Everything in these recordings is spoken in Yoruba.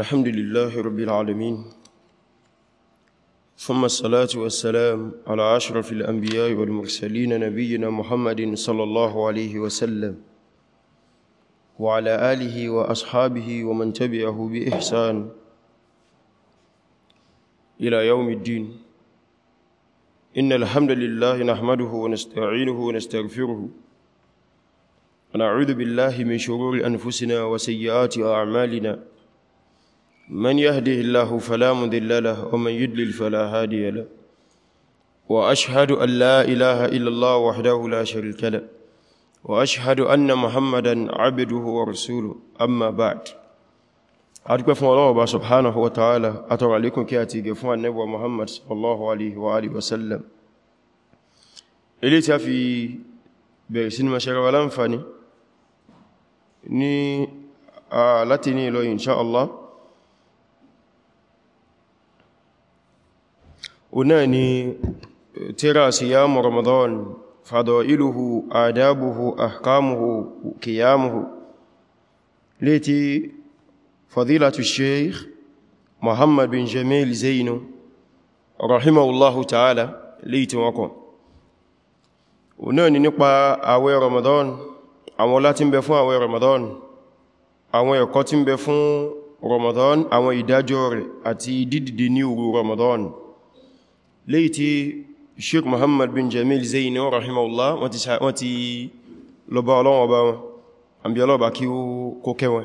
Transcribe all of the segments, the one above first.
الحمد لله رب العالمين ثم الصلاة والسلام على أشرف الأنبياء والمرسلين نبينا محمد صلى الله عليه وسلم وعلى آله وأصحابه ومن تبعه بإحسان إلى يوم الدين إن الحمد لله نحمده ونستعينه ونستغفره ونعوذ بالله من شرور أنفسنا وسيئات أعمالنا من يهده الله فلا مذل له ومن يدلل فلا هادي له وأشهد أن لا إله إلا الله وحده لا شريك له وأشهد أن محمدا عبده ورسوله أما بعد أدعو فن الله سبحانه وتعالى أتوى عليكم كياتي قفوا النبو محمد صلى الله عليه وآله وسلم إلي تفي بيسين مشاكل ولنفاني ني آلتني آه، لو إن شاء الله náà ni eh, tíra siyamu ramadan fadailuhu adabuhu ahkamuhu kiyamuhu léti fadilatu sheikh muhammad bin jamil zainu rahimahullahu ta'ala léti wọn kọ náà ni nípa àwẹ̀ ramadan àwọn ọlá tí ń bẹ fún àwẹ̀ ramadan àwọn ẹ̀kọ́ tí ń bẹ fún ramadan àwọn ìdájọ́ rẹ̀ àti dídìde ní òru ramadan léyìí tí sheik muhammad bin jamil zaini wọ́n rahimahullah wọ́n ti lọba ọlọ́wọ́ bá wọn àbí ọlọ́ba kí ó kó kẹwọn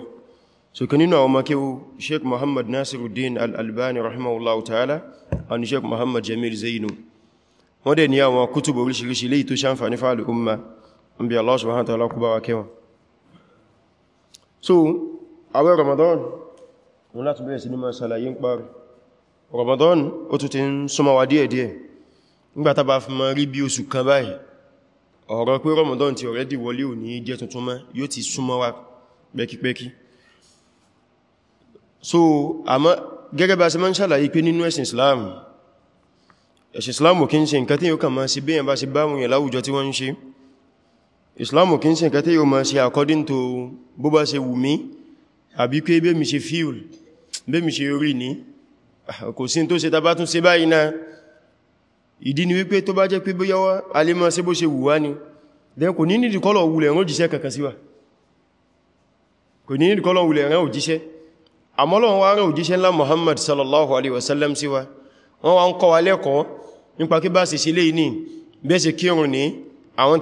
so kan nínú àwọn makewu sheik muhammad nasiruddin al-albani rahimahullah ta'ala àni sheik muhammad jamil zaini wọ́n dẹ̀ ní àwọn kútùbù oríṣiríṣi léyìí tó ṣàǹfàní fàálù umma àbí allah subhanahu wa Ramadan ó tún ti ń súnmọ́ wa díẹ̀díẹ̀ nígbàtà bá fi mọ́ rí bí oṣù kan báyìí ọ̀rọ̀ pé Ramadan ti already wọlé ò ní jẹ́ tuntun mọ́ yóò ti súnmọ́ pẹ́kipẹ́kí so àmọ́ gẹ́gẹ́ bá ṣe máa ń ṣàlàyé pé nínú ẹ̀sìn Islam ẹ̀sìn Islam kí ń ṣe nǹkan tí yóò kà máa ṣe bí ẹ̀bá ṣe bá wọn yẹn láwùjọ tí according to bó bá ṣe wù mí ní kò sí tó ṣe tàbá tún ṣe báyìí náà ìdí ni wípé tó bá jẹ́ pé bóyá wá alémọ́ sí bó ṣe wùwá ni then kò ní nídì kọ́lọ̀ wulẹ̀ rán òjíṣẹ́ kankan síwá kò ní nídì kọ́lọ̀ wulẹ̀ rán òjíṣẹ́ àmọ́lọ́wọ́n rán òjíṣẹ́ ńlá Muhammad sallallahu alaihi wasallam síwá wọ́n wá ń kọ́ wa lẹ́kọ̀ọ́ nípa kí bá ṣe ṣe léyìí ní bẹ́ẹ̀ ṣe kírun ní àwọn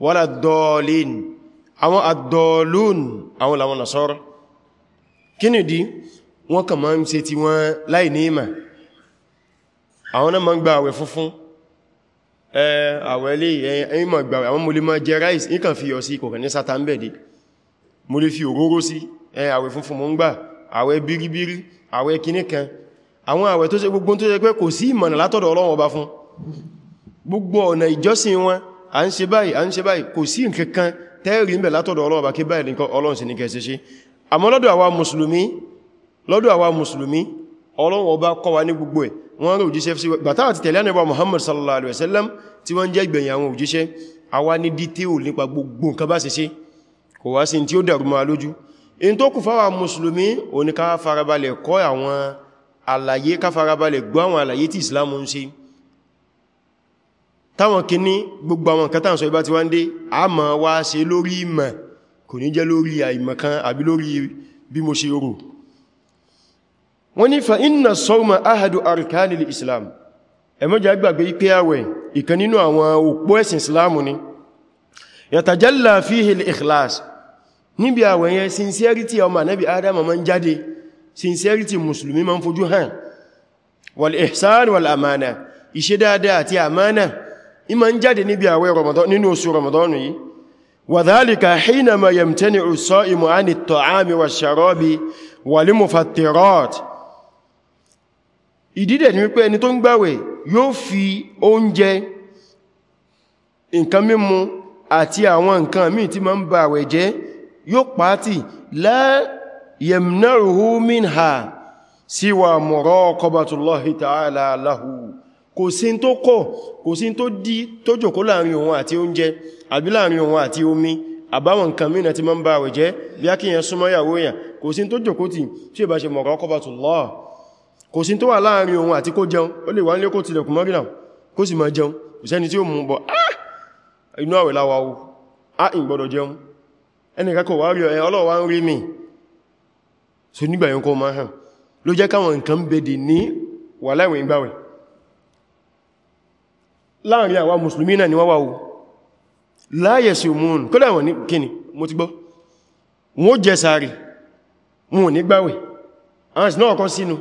wọ́la dọ́ọ̀lín àwọn àdọ́ọ̀lún àwọn làwọn nasọ́rọ̀ kí ni dí wọ́n kà máa ń ṣe ti wọ́n láì ní ìmà àwọn náà máa ń gba àwẹ̀ funfun àwẹ̀ lè ẹ̀yìn máa gba àwọn múlé máa jẹ ráìsì ní kàn fi yọ sí kòkàn ní sátà ń bẹ̀dẹ̀ múlé fi òróró sí àwẹ̀ funfun mọ́ ń gbà àwẹ̀ gbogbo ọ̀nà ìjọsìn wọn a ń ṣe báyìí a ń ṣe báyìí kò sí nǹkankan tẹ́rì ń bẹ̀ látọ̀dọ̀ Ọlọ́run bá kí báyìí nǹkan Ọlọ́run sì ní kẹsẹ̀ ṣe àmọ́ lọ́dọ̀ àwa mùsùlùmí lọ́dọ̀ Ọlọ́run ọba kọ́ wa ní gbogbo ẹ̀ wọ́n rò jíṣẹ́ sí bàtà àti tẹ̀lé ànẹ́bà Muhammad sallallahu alaihi wasallam tí wọ́n jẹ́ gbẹ̀yìn àwọn òjíṣẹ́ àwa ní dítẹ́ò nípa gbogbo nǹkan bá ṣe ṣe kò wá sí tí ó dàrú máa lójú in tó kù táwọn kìíní gbogbo àwọn nǹkan tàà sọ ibá ti wá ń dé a ma wá ṣe lórí ìmọ̀ kò ní jẹ́ lórí àìmọ̀kan àbí lórí bí mo ṣe rò wọ́n ní fa inna sawma ahadu arkanil islam ẹmọ́jà gbàgbé ipé àwẹ̀ ìkan nínú àwọn òpó ẹ̀sìn islam ni yatajalla fihi al-ikhlas níbi àwẹ̀ yẹn sincerity ọmọ nabi adam ma ń jáde sincerity musulmi ma ń fojú hàn wal ihsan wal amana ìṣe dáadáa àti amana ìmọ̀ ń jáde níbi àwẹ̀ Ramadan nínú oṣù Ramadan yìí wa dhalika hinama yamtani'u as-sa'imu 'ani at-ta'ami wash-sharabi wal-mufattirat ìdídẹ̀ ni wípé ẹni tó ń gbàwẹ̀ yóò fi oúnjẹ nǹkan mímu àti àwọn nǹkan míì tí ma ń ba àwẹ̀ jẹ́ yóò pàátì la yamna'uhu minha kò sí tó kọ̀ kò sí tó dí tó jòkó láàrin òun àti oúnjẹ àbí láàrin òun àti omi àbáwọn nǹkan mìíràn tí ma ń bá àwẹ̀ jẹ́ bí á kí yẹn súnmọ́ ìyàwó èèyàn kò sí tó jòkó tí tí ìbá ṣe muraqabatullah kò sí tó wà láàrin òun àti kó jẹun ó lè wá nílé kó tilẹ̀kùn wà láìwẹ̀ ìgbàwẹ̀ láàrin àwa musulmi náà ni wọ́n wà ó láyẹ̀ sí òmùn kó lẹ́wọ̀n ní kíni mo ti gbọ́ wọ́n jẹ sàárì wọn ò ní gbáwẹ̀ àwọn ìsìn náà kọ́ sínú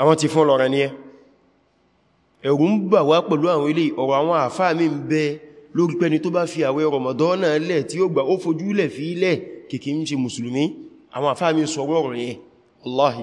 àwọn ti fún lọ́rẹ̀ ní ẹ ẹ̀rù ń bà wá pẹ̀lú àwọn ilé ọ̀rọ̀ àwọn àfáà mi ń bẹ lórí pẹni tó bá fi àwẹ̀ rọmọdọ́nà lẹ̀ tí ó gbà ó fojú fi ilẹ̀ kìkì ń ṣe mùsùlùmí àwọn àfáà mi sọ̀rọ̀ ọ̀rọ̀ yẹn wallahi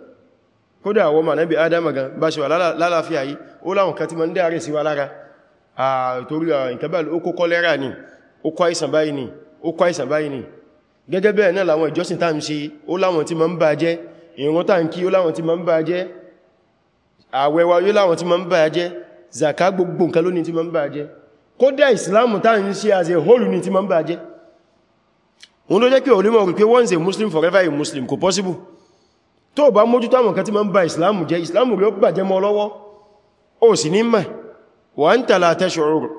kódà àwọn ọmọ ànábì adama gan bá ṣe wà lálàáfíà yìí ó láwọn kan tí ma ń dáre sí wa lára àtorí ìkẹbàlì ó kó kọlẹ́rà ní ó kó àìsàn báyìí ní ó kó àìsàn báyìí ní gẹ́gẹ́ bẹ́ẹ̀ náà láwọn ìjọsìn tá ń ṣe ó láwọn tí ma ń bà jẹ́ ìrun tá ń kí ó láwọn tí ma ń bà jẹ́ àwẹ̀ wa yóò láwọn tí ma ń bà as a whole ní tí ma ń bà jẹ́ òun ló muslim forever a muslim kò possible tó bá mójútó àwọn kan tí ma ń ba ìsìláàmù jẹ́ ìsìláàmù rí ó bàjẹ́ mọ́ lọ́wọ́ ó sì ní mẹ́ wà ń tààlà àtẹ́ṣọ́ ọ̀rọ̀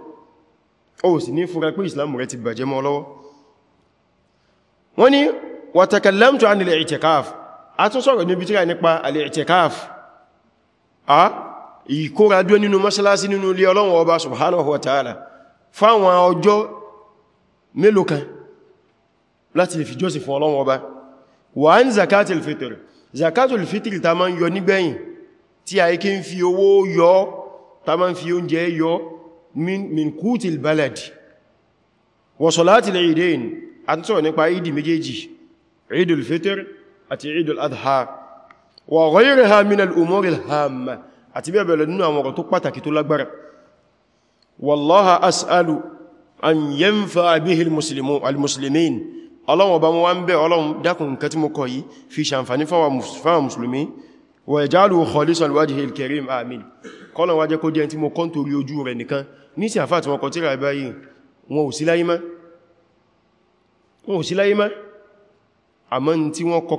ó sì ní fúra pé ìsìláàmù rẹ ti bàjẹ́ mọ́ lọ́wọ́ wọ́n ni wa takallamtu an al-i'tikaf a tún sọ̀rọ̀ níbi tíra nípa al-i'tikaf wa ta'ala zakatil fitr zakatul fitri ta ma ń yọ nígbẹ̀yìn tí a ikí ń fi owó yọ ta ma ń fi oúnjẹ yọ min kútil balad wa salatil idain a ti sọ̀rọ̀ nípa ìdí méjèèjì idul fitr àti idul adha wa ghayriha min al-umuri al àti bẹ́ẹ̀ nínú àwọn ọ̀rọ̀ tó pàtàkì tó lágbára wallaha as'alu an yanfa bihi al-muslimin ọlọ́run ọba mo wá ń bẹ̀ ọlọ́run dákùn nǹkan tí mo kọ yìí fi ṣàǹfàní fáwọn mùsùlùmí wà ìjálù khalisan wajhil karim amin kọ́lọ̀ wájẹ́ kó jẹ́ tí mo kọ́ torí ojú rẹ̀ nìkan ní sí àfáà tí wọ́n kọ tíra báyìí wọn ò sí láyé mọ́ wọn ò sí láyé mọ́ àmọ́ tí wọ́n kọ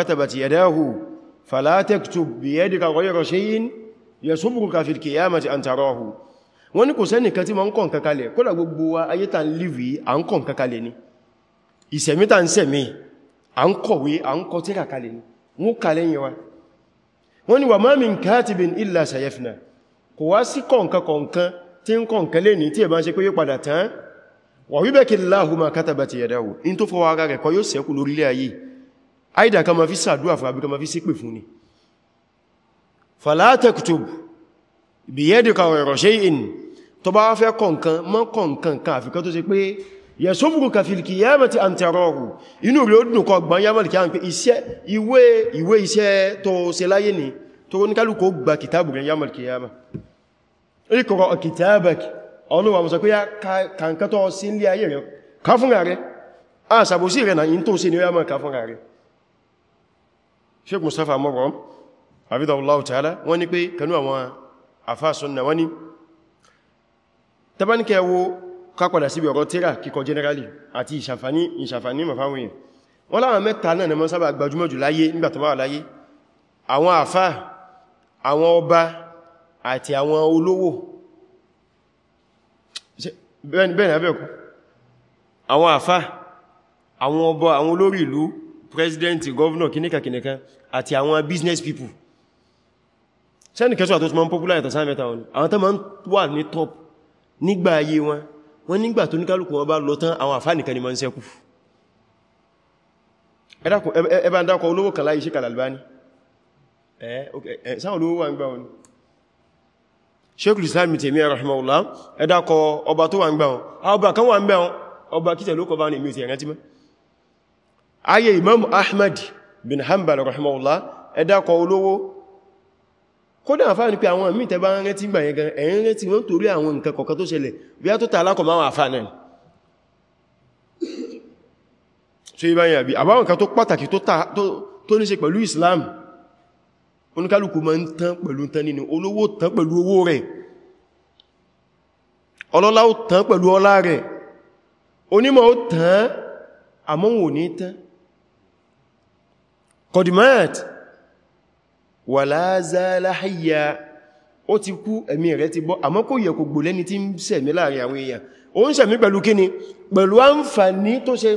kalẹ̀ a ó فلا تكتب بيدك غير شيء يسبك في القيامة أن تراه wọ́n ní kò sẹ́nì kan tí ma ń kọ̀ nǹkan kalẹ̀ kódà gbogbo wa ayé tàn lìwì à ń kọ̀ nǹkan kalẹ̀ ni ìsẹ̀mí tàn sẹ̀mí à ń kọ̀wé à ń kọ tírà kalẹ̀ ni wọ́n kalẹ̀ yẹn wa wọ́n ní wa ma min katibin illa sayafna kò wá sí kọ̀ǹkan kọ̀ǹkan tí Aida kan ma fi sàdúwà fún àbí kan ma fi sípè fún ni fala taktub biyadika ghayra shay'in tó bá fẹ́ kọ̀nkan mọ́ kọ̀nkan kan àfikọ́ tó ṣe pé yasubuka fil qiyamati an tarahu inú rí ó dùn kọ gbọ́n yámọ̀lì kí a ìwé iṣẹ́ tó ṣe láyé ni tó ní kálùkù gba kìtàbù rẹ̀ yámọ̀lì qiyama ya kàǹkà tó sí ilé ayé rẹ̀ ká fúnra rẹ̀ a na yí tó sí ni ó sheik mustapha mọ́gbọ́n abidallahu ta'ala wọ́n ní pé kanú àwọn afásunna wọ́n ní tabanikẹ wo kápadà síbi ọ̀rọ̀ tírà kíkọ generally àti ìṣàfàní ìṣàfàní mafáwọn èèyàn wọ́n láwọn mẹ́ta náà ni wọ́n sábà gbajúmọ̀ jù láyé nígbà tó wà láyé àwọn àfá àwọn ọba àti àwọn olówó bẹ́ẹ̀ president governor kìníkà kìníkà àti àwọn business people sẹ́nì kẹsọ́ àtọ́tọ́ máa ń popular ìtàsá mẹ́ta wọn àwọn tó máa wà ní top nígbà ayé wọn wọ́n nígbà tó níkàlùkù wọn bá lọ tán àwọn àfánìkan ni máa ń ṣẹ́kù ẹbá ń dákọ̀ olówó kan láyé Sheikh Al-Albani sáwọn olówó wà ń gbà wọn Sheikhul Islam Taymiyyah rahimahullah ẹdákọ̀ ọba tó wà ń gbà wọn ọba kan wà ń ayé imam ahmad bin hanbal rahimahullah ẹ̀dàkọ̀ olówó kódà àfáà ní pé àwọn àmì tẹ́bá ń rántí gbà yẹn gan ẹ̀yìn rántí wọ́n torí àwọn nǹkan kọ̀ọ̀kan tó ṣẹlẹ̀ bí a tó ta alákọ̀ máa àfáà náà so ibá yẹn àbí àbáwọn nǹkan tó pàtàkì tó ní ṣe pẹ̀lú islam oníkálùkù máa ń tán àmọ́ wọn ní tán قد مات ولا زال حيا ó ti kú ẹ̀mí rẹ̀ ti bọ́ àmọ́ kò yẹ kó gbò lẹ́ni tí ń ṣẹ̀mí láàrin àwọn èèyàn ó ń ṣẹ̀mí pẹ̀lú kíni pẹ̀lú àǹfààní tó ṣe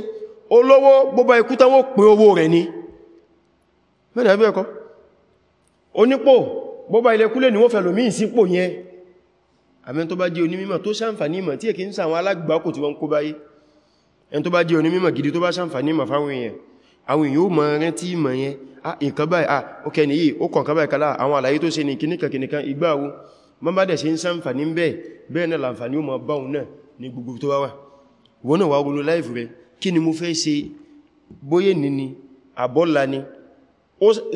olówó gbogbo ikú táwọn pín owó rẹ̀ ni mẹ́rin àbí ẹ̀kọ́ onípò gbogbo ilẹ̀ kúlẹ̀ ni wọ́n fẹ́ ba ìsípò yẹn àmẹ́ tó bá jẹ́ onímọ̀ tó ṣàǹfààní ìmọ̀ tí èkì ń sàwọn alágbàákò tí wọ́n kó báyé ẹni tó bá jẹ́ onímọ̀ gidi tó bá ṣàǹfààní ìmọ̀ fáwọn èèyàn àwọn èèyàn ó mọ̀ rántí ìmọ̀ yẹn ah, nǹkan báyìí ah ok ni yìí ó kàn kan báyìí kálá àwọn àlàyé tó ṣe ní kìníkan kìníkan ìgbàwo mọ́ bá dẹ̀ ṣe ń sàǹfàní ń bẹ́ẹ̀ bẹ́ẹ̀ náà làǹfàní ó mọ̀ báhùn náà ní gbogbo tó wá wà wọ́n náà wá ronú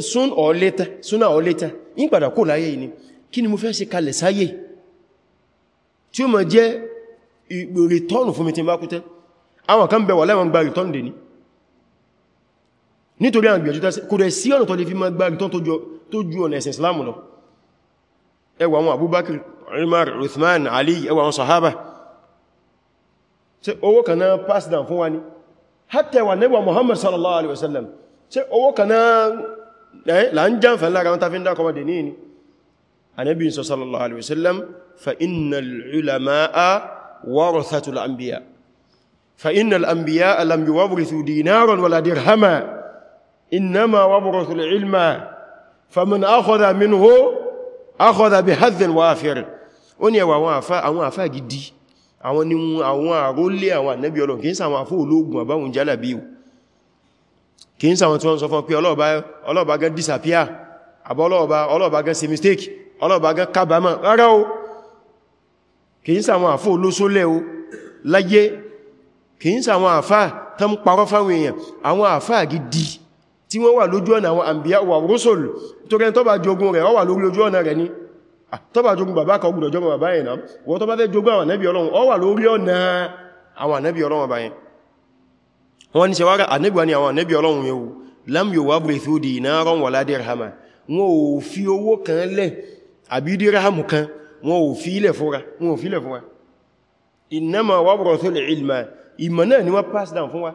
soon or later sooner or later yí padà kò láyé ni kí ni mo fẹ́ ṣe kalẹ̀ sáyé tí ó mọ̀ jẹ́ return fún mi àwọn kan bẹ̀wà láwọn gba return dè ní nítorí àwọn ìgbìyànjú kò rẹ̀ sí ọ̀nà tọ́lé fi máa gbárí tó ju ọ̀nà ẹ̀sìn islamu lọ ẹwà àwọn abubakir rimar ruthman ali ẹwà àwọn sahaba tí owó kaná pass down fún wa ní hátẹwà nígbà muhammad sallallahu alaihi wasallam ṣé owó kan إنما وبرث العلم فمن أخذ منه أخذ بحظ وافر ó ní ẹwà àwọn àfá gidi àwọn ni àwọn àrólé àwọn ànábí ọlọ́run kìí ṣàwọn àfó ológun àbáwọn jálàbí o kìí ṣàwọn tí wọ́n sọ fún pé ọlọ́ọ̀bá gan disappear àbọ́ ọlọ́ọ̀bá gan ṣe mistake ọlọ́ọ̀bá gan kábàámọ̀ rárá o kìí ṣàwọn àfó olóṣólẹ̀ o láyé kìí ṣàwọn àfá tán parọ́ fáwọn èèyàn àwọn àfá gidi tí wọ́n wà lójú ọ̀nà àwọn àmbíyà wà rúsùl tó rẹ̀ tó bá jogun rẹ̀ ó wà lórí ojú ọ̀nà rẹ̀ ní tó bá jogun bàbá kan gùnà jọmọ̀ bàbá yẹn náà wọ́n tó bá fẹ́ jogun àwọn ànábì Ọlọ́run ó wà lórí ọ̀nà àwọn ànábì Ọlọ́run bá yẹn wọ́n ní ṣẹwàá ànábì wa ni àwọn ànábì Ọlọ́run yẹn lam yuwabrithu dinaran wala dirhama wọn ò fi owó kan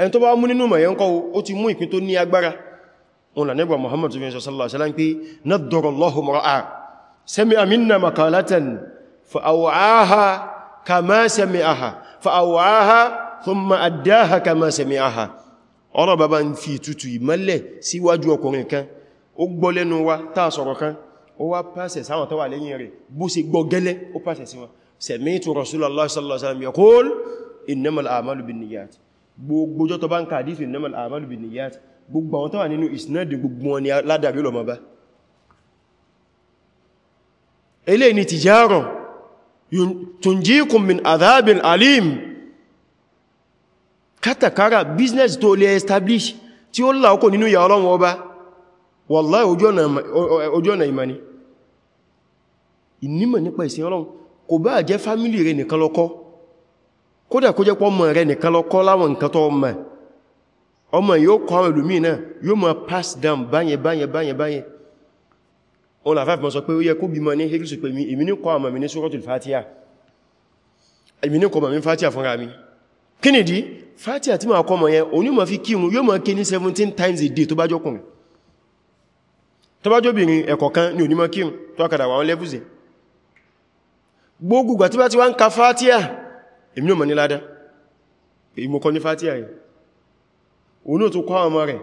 ẹni tó bá mú nínú mẹ̀yẹn kọ́ ó ti mú ìpín tó ní agbára wọn là nígbà Muhammad tufin sallallahu alaihi wasallam pé naddarallahu mar'a sami'a minna maqalatan fa'aw'aha kama sami'aha fa'aw'aha thumma addaha kama sami'aha ọ̀rọ̀ bàbá ń fi tutù ìmọ́lẹ̀ síwájú ọkùnrin kan ó gbọ́ lẹ́nu wa tá sọ̀rọ̀ kan ó wá pàṣẹ sáwọn tó wà lẹ́yìn rẹ̀ bó ṣe gbọ́ gẹ́lẹ́ ó gbogbo jọ́ tó bá ń ka àdísì innamal a'malu binniyat gbogbo àwọn tó wà nínú ìsinádì gbogbo wọn ni ládàbí lọ mọ́bá eléyìí ni tijaran tunjikum min adhabin alim katakara business tó lè establish tí ó láòkò nínú ìyà ọlọ́run ọba wallahi ojú ọ̀nà ìmani ìnímọ̀ nípa ìsìn ọlọ́run kò bá jẹ́ fámílì rẹ̀ nìkan lọ́kọ́ kódà kó jẹ́ pọ́ ọmọ rẹ nìkan lọ kọ́ láwọn nǹkan tó ọmọ ọmọ yóò kọ́ àwọn ìlú míì náà yóò mọ̀ pass down báyẹn báyẹn báyẹn báyẹn o là fáfí sọ pé ó yẹ kó bímọ ní hegris pé mi èmi ní kọ́ àmà mi ní suratul fatiha èmi ní kọ́ àmà mi ní fatiha fúnra mi kí nìdí fatiha tí ma kọ́ mọ̀ times a day tó bá jọkùnrin tó bá jọbìnrin ẹ̀kọ̀ kan ní onímọ̀ kírun tó akàdà wà wọn lẹ́bùzẹ̀ gbogbo gbà tí bá ti wá ń ka fatiha èmi náà mọ̀ ní ládá ìmọ̀kọ ní fàtíà yìí òun náà tó kọ́ ọmọ rẹ̀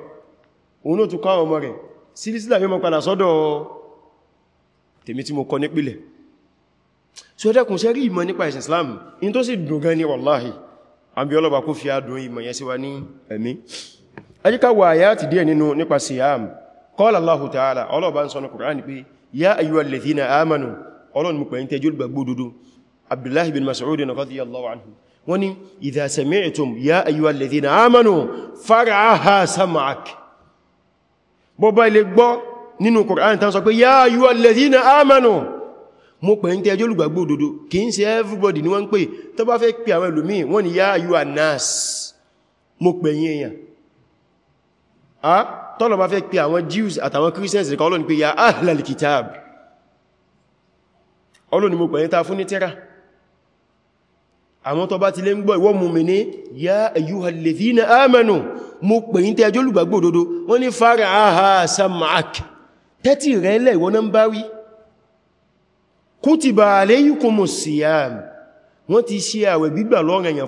òun náà tó kọ́ ọmọ rẹ̀ sílísílà yóò mọ́ padà sọ́dọ̀ tèmi tí mo kọ nípìlẹ̀ tí ó dẹ́kùn sẹ́rí ìmọ̀ nípa Islam in tó sì dùn gan ní wàláhì àbí ọlọ́bà kó fi adùn ìmọ̀ yẹn sí wa ní Allahu ta'ala ọlọ́bà ń sọ ní Kùránì pé yá ayyuhal ladhina amanu ọlọ́run mú pẹ̀yìn abdullahi bin mas'ud radiyallahu anhu wani idha sami'tum ya ayyuhal ladhina amanu faraha sam'ak bó bá lè gbọ́ nínú Qur'an tán sọ pé ya ayyuhal ladhina amanu mo pè ń tẹ́jọ́ olùgbàgbọ́ òdodo kì í ṣe everybody ni wọ́n pè tó bá fẹ́ pè àwọn ẹlòmíì wọ́n ya ayyuhan nas mo pè yín èyàn a tọ́lọ̀ bá fẹ́ pè àwọn Jews àtàwọn Christians nìkan ọlọ́ni pé ya ahlal kitab ọlọ́ni mo pè yín ta fún ní tẹ́ra àwọn tó bá ti lè ń gbọ́ ìwọ mùmínì yá ayyuhalladhina amanu mo pè yín tẹ́jọ́ olùgbàgbọ́ òdodo wọ́n ní fara aha samak tẹ́tì rẹ̀ lẹ̀ ìwọ náà ń bá wí kútìbà alaykumu siyam wọ́n ti ṣe àwẹ̀ gbígbà lọ́ranyàn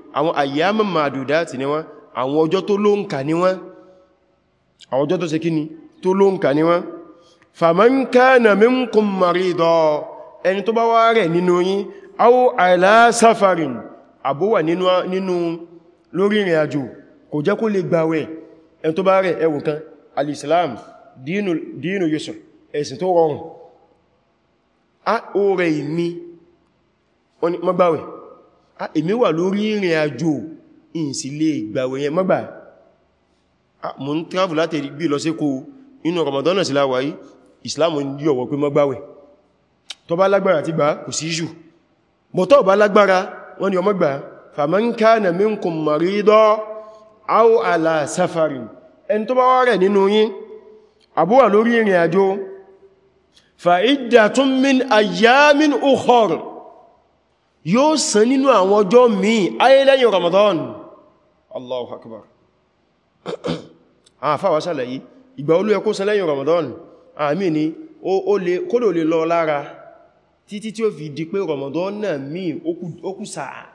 àwọn àyàmà màdùdátì ni wọ́n àwọn ọjọ́ tó ló ń kà ní wọ́n àwọn ọjọ́ tó ṣe kíni tó ló ń kà ní wọ́n faman kana minkum marida ẹni tó bá wá rẹ̀ nínú yín aw ala safarin àbówà nínú lórí ìrìn àjò kò jẹ́ kó lè gbàwẹ̀ ẹni tó bá rẹ̀ ẹwù kan al-Islam dínú yusr a ó rẹ̀ ìmí wọ́n ni Ah, èmi wà lórí ìrìn àjò ìsì lè gbàwẹ̀ yẹn mọ́gbà ah, mo ń travel láti bí lọ sí kó inú Ramadan sí láwà yìí Islam ní ọ̀wọ̀ pé mọ́gbàwẹ̀ tó bá lágbára ti gbà kò sí ìṣù bọ̀ tó bá lágbára wọ́n ni ọmọ́gbà faman kana minkum yóò san nínú àwọn ọjọ́ míì ayé lẹ́yìn Ramadan Allahu Akbar àwọn àfáwà sàlàyé ìgbà olú ẹkó san lẹ́yìn Ramadan àmì ni kódò lè lọ lára títí tí ó fi di pé Ramadan náà míì ó kù sáà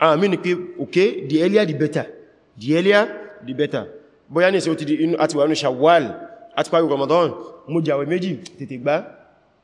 àmì ni pé okay the earlier the better the earlier the better bóyá ní ìsẹ́ ó ti di inú àtiwà inú Shawwal àti Ramadan mú jàwẹ̀ méjì tètè gbá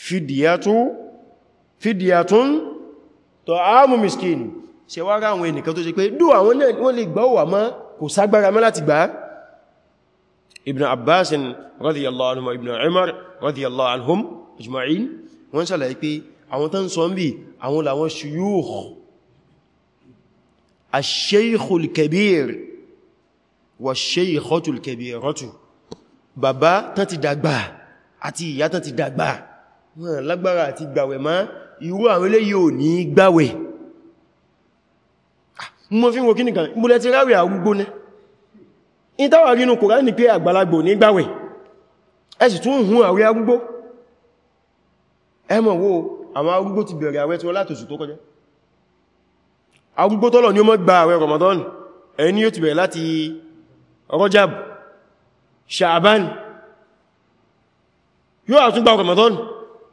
fìdíyàtún tọ̀ áàmù miskin ṣe wá rá àwọn ẹnìkan tó ṣe pé dúwà wọ́n lè gbá òwà mọ́ kò ságbára mọ́ láti gbá ibn abbas radiyallahu anhu ibn umar radiyallahu anhum ajma'in wọ́n ṣàlàyé pé àwọn tán sọ ń bí àwọn làwọn shuyukh ash-shaykhul kabir wa shaykhatul kabiratu bàbá tán ti dàgbà wọ́n lágbára àti gbàwẹ̀ má irú àwọn ilé yóò ní gbàwẹ̀ ah, mọ́ fi wo kíníkan múlẹ̀ ti ráwẹ̀ àrúgbó ní ìtawà rínú Kùránì ní pé àgbàlagbò ní gbàwẹ̀ ẹ sì tún hun àwẹ̀ àrúgbó ẹ mọ̀ wo àwọn àrúgbó ti bẹ̀rẹ̀ àwẹ̀ tí wọ́n látòsù tó kọjá ni ó mọ́ gba àwẹ̀ Ramadan ẹni yóò ti bẹ̀rẹ̀ láti Rajab Sha'ban yóò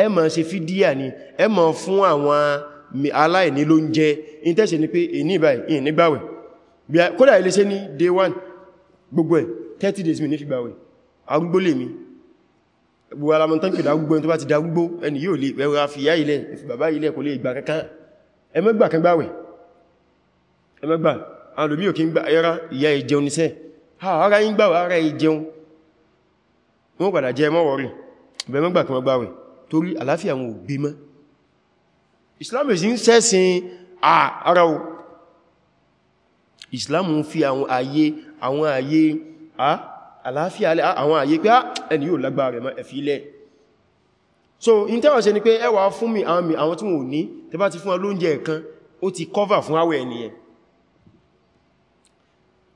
ẹ máa ṣe fídíà ni ẹ máa fún àwọn aláìní ló ń jẹ intẹ́sẹ̀ ni pé èní ìbáyìí nígbàwẹ̀ kódà ilé ṣe ní day one gbogbo ẹ̀ 30 days mi ní fi gbàwẹ̀ arúgbó lè mi gbogbo alamọ̀tán pẹ̀lú arúgbó tó bá ti darúgbó ẹni yóò lè ẹwà fi yá ilẹ̀ fi bàbá ilẹ̀ kò lè gbà kankan ẹ má gbà kan gbàwẹ̀ ẹ má gbà alòmí òkè ń gbà ẹra ìyá ìjẹun níṣẹ́ ara yín gbàwẹ̀ ara ìjẹun wọ́n padà jẹ mọ́wọ́ rẹ̀ bẹ̀mọ́gbà kan gbàwẹ̀ torí àláfíà wọn ò gbé mọ́ islam èsì ń sẹ́sìn ara o islam ń fi àwọn ayé àwọn ayé àláfíà àwọn ayé pé ẹni yóò lágbára rẹ̀ mọ́ ẹ̀fí ilẹ̀ so in tẹ́wọ̀n ṣe ni pé ẹ wá fún mi àwọn mi àwọn tí wọ́n ní tẹ́ ti fún ọlóúnjẹ kan ó ti cover fún àwẹ̀ ènìyàn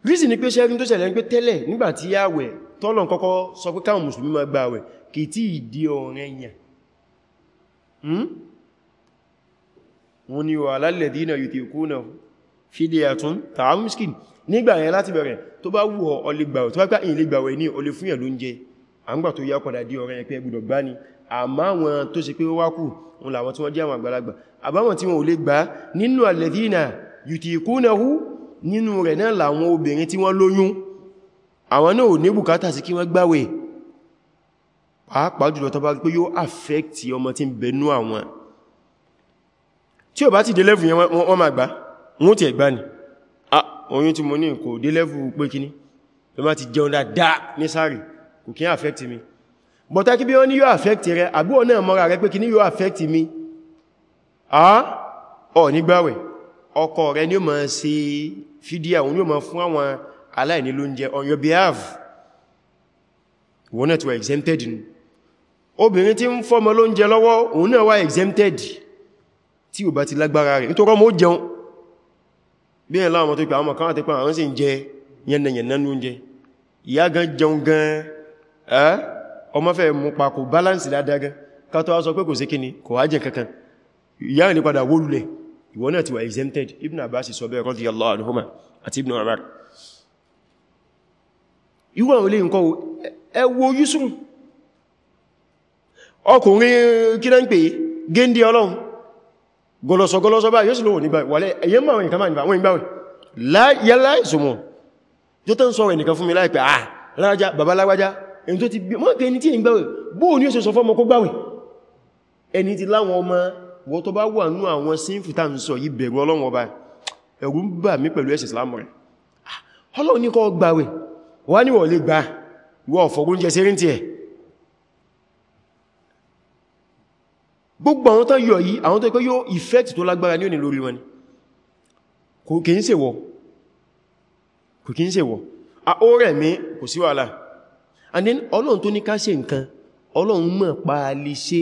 reason ni pé ṣẹ́rin tó ṣẹlẹ̀ ń pé tẹ́lẹ̀ nígbàtí yáwẹ̀ tọ́lọ̀ kọ́kọ́ sọ pé káwọn mùsùlùmí máa gbààwẹ̀ kì tí ìdí ọ̀rẹ́yàn Hmm? wọ́n ni wà lálẹ̀dínà yutiquna fidyatun ta'amu miskin nígbà yẹn láti bẹ̀rẹ̀ tó bá wù ọ ọlẹ́gbàwẹ̀ tó bá gbá ìlẹ́gbàwẹ̀ ní olè fún ẹ̀lú oúnjẹ àǹgbà tó yá padà dí ọ̀rẹ́ ẹ̀pẹ́ gbùdọ̀ gbá ni àmá wọn tó ṣe pé ó wákù wọn làwọn tí wọ́n jẹ́ àwọn àgbàlagbà àbáwọn tí wọn ò lè gbá nínú pàápàá jùlọ tó bá pé yóò affect ọmọ tí ń bẹnú àwọn tí ó bá ti délẹ́fù yẹn wọ́n ma gbá wọ́n ti ẹ̀gbá ni ah, oyún tí mo ní kò délẹ́fù pé kíní tó bá ti jẹun dáadáa ní sáàrì kò kí affect mi bọ̀tá kí bí wọ́n ní yóò affect rẹ àbí ọ̀nà ìmọ́ra rẹ pé kíní yóò affect mi a ah, ọ̀ nígbàwẹ̀ ọkọ rẹ ni ó ma ṣe fídíà òun ni ó ma fún àwọn aláìní on your behalf wọ́n náà tí wà exempted ni obìnrin tí ń fọ́mọ ló ń jẹ lọ́wọ́ òun náà exempted tí ò bá ti lágbára rẹ̀ nítorọ́ mọ́ jẹun bí ẹ̀lá ọmọ tó pẹ̀ àwọn kan àti pẹ̀ àwọn sì ń jẹ yẹnnẹ̀yẹ̀nà ní oúnjẹ ìyá gan jẹun gan ẹ́ ọmọ fẹ́ mú pa kò bálánsì dáadáa gan kankan Yusuf ọkùnrin kí náà ń pè géńdé ọlọ́run gọlọsọ gọlọsọ bá yóò sì lóòrùn nígbà wàlẹ̀ ẹ̀yẹ́ mọ̀ ẹ̀yìn kàmà nígbà wọ́n ìgbà yálá ìsòmọ̀ tó tẹ́ ń sọ ẹnìkan fún mi láìpẹ́ à ah, lárájá bàbá lágbájá ẹni tó ti bí mọ́ pé ẹni tí ìgbàwẹ̀ bóò ní ó ṣe sọ fọ́mọ kó gbàwẹ̀ ẹni tí láwọn ọmọ wọ́n tó bá wà nú àwọn sínfù tá ń sọ yìí bẹ̀rù ọlọ́run ọba ẹ̀rù ń bà mí pẹ̀lú ẹ̀sìn islam rẹ̀ ah, ọlọ́run ní kó gbàwẹ̀ wá níwọ̀ lè gbà wọ́n ọ̀fọ̀gún jẹ sí rí ti ẹ̀ gbogbo àwọn tán yọ yìí àwọn tó pé yóò effect tó lágbára ní òní lórí wọn ni kò kí ń ṣèwọ̀ kò kí ń ṣèwọ̀ a ó rẹ̀ mí kò sí wàhálà and then ọlọ́run tó ní ká ṣe nǹkan ọlọ́run mọ̀ pa lè ṣe